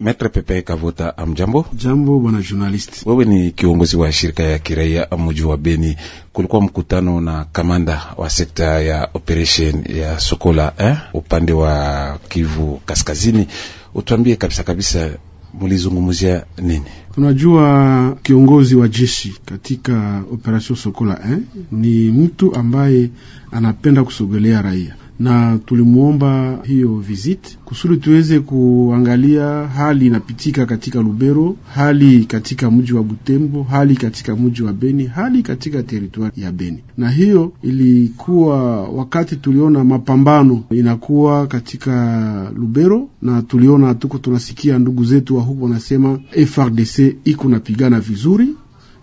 maître Pepe Kavota, amjambo. Jambo bwana journalist. Wewe ni kiongozi wa shirika ya kiraia mji wa Beni. Kulikuwa mkutano na kamanda wa sekta ya operation ya Sokola eh, upande wa Kivu Kaskazini. Utwambie kabisa kabisa mulizungumzia nini? Tunajua kiongozi wa jeshi katika operation Sokola eh, ni mtu ambaye anapenda kusogelea raia na tulimwomba hiyo visit kusudi tuweze kuangalia hali inapitika katika Lubero, hali katika mji wa Butembo, hali katika mji wa Beni, hali katika teritwari ya Beni. Na hiyo ilikuwa wakati tuliona mapambano inakuwa katika Lubero, na tuliona tuko tunasikia ndugu zetu wa huku wanasema FRDC iko napigana vizuri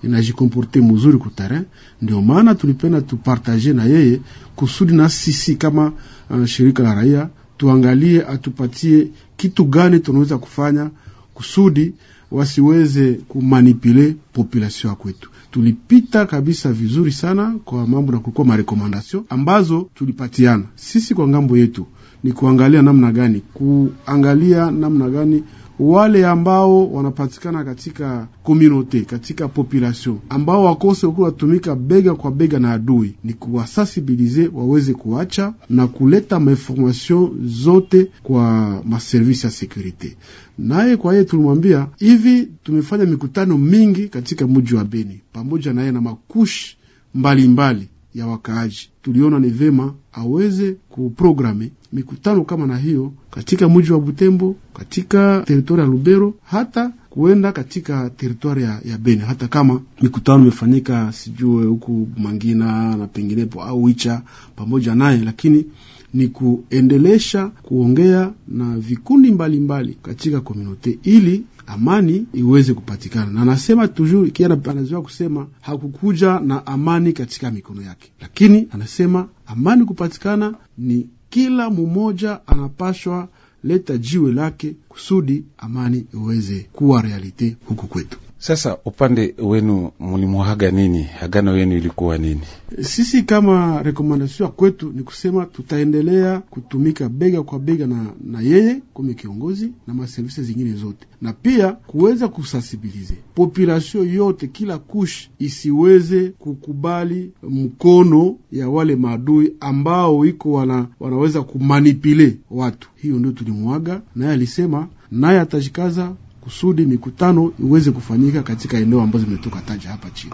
inajikomporte mzuri kutare. Ndio maana tulipenda tupartaje na yeye kusudi na sisi kama uh, shirika la raia tuangalie, atupatie kitu gani tunaweza kufanya kusudi wasiweze kumanipule population ya kwetu. Tulipita kabisa vizuri sana kwa mambo na kulikuwa marekomandasio ambazo tulipatiana sisi kwa ngambo yetu, ni kuangalia namna gani, kuangalia namna gani wale ambao wanapatikana katika komunote katika population ambao wakose ukuwa watumika bega kwa bega na adui, ni kuwasansibilize waweze kuacha na kuleta mainformation zote kwa maservisi ya sekurite. Naye kwa yeye tulimwambia hivi tumefanya mikutano mingi katika mji wa Beni pamoja naye na makushi mbalimbali mbali ya wakaaji. Tuliona ni vema aweze kuprograme mikutano kama na hiyo katika mji wa Butembo, katika teritori ya Lubero hata kuenda katika teritwari ya, ya Beni, hata kama mikutano imefanyika sijue huku Mangina na penginepo au Icha pamoja naye, lakini ni kuendelesha kuongea na vikundi mbalimbali mbali katika komunote ili amani iweze kupatikana. Na anasema tujur kia anazoea kusema hakukuja na amani katika mikono yake, lakini anasema amani kupatikana ni kila mmoja anapashwa leta jiwe lake kusudi amani iweze kuwa realite huku kwetu. Sasa upande wenu mulimwaga nini? Agano yenu ilikuwa nini? Sisi kama rekomandasio ya kwetu ni kusema tutaendelea kutumika bega kwa bega na, na yeye kume kiongozi na maservisi zingine zote, na pia kuweza kusansibilize populasio yote, kila kush isiweze kukubali mkono ya wale maadui ambao iko wana, wanaweza kumanipile watu. Hiyo ndio tulimwaga naye, alisema naye atajikaza kusudi mikutano iweze kufanyika katika eneo ambazo zimetoka taja hapa chini.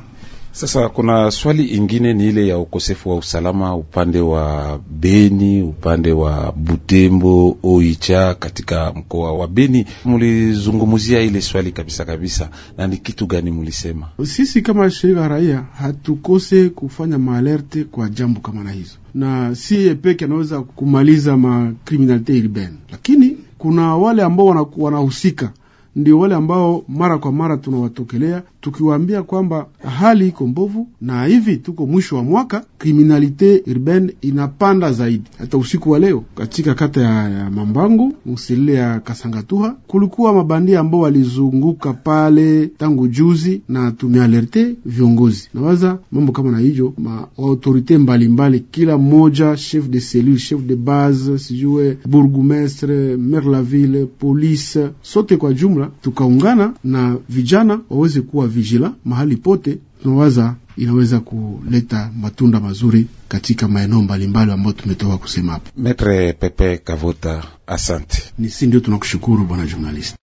Sasa kuna swali ingine ni ile ya ukosefu wa usalama upande wa Beni, upande wa Butembo, Oicha katika mkoa wa Beni. Mulizungumzia ile swali kabisa kabisa, na ni kitu gani mulisema? Sisi kama shirika raia hatukose kufanya maalerte kwa jambo kama na hizo, na si peke anaweza kumaliza makriminalite ilibeni, lakini kuna wale ambao wanahusika ndio wale ambao mara kwa mara tunawatokelea tukiwaambia kwamba hali iko mbovu, na hivi tuko mwisho wa mwaka, kriminalite urbaine inapanda zaidi. Hata usiku wa leo katika kata ya Mambangu msilile ya Kasangatuha kulikuwa mabandia ambao walizunguka pale tangu juzi, na tumealerte viongozi nawaza mambo kama na hivyo ma autorite mbalimbali, kila mmoja chef de cellule, chef de base, sijue burgumestre, maire la ville, police, sote kwa jumla bora tukaungana na vijana waweze kuwa vigila mahali pote, tunawaza inaweza kuleta matunda mazuri katika maeneo mbalimbali ambayo tumetoka kusema hapo. Metre Pepe Kavuta, asante. Ni si ndio tunakushukuru bwana journalist.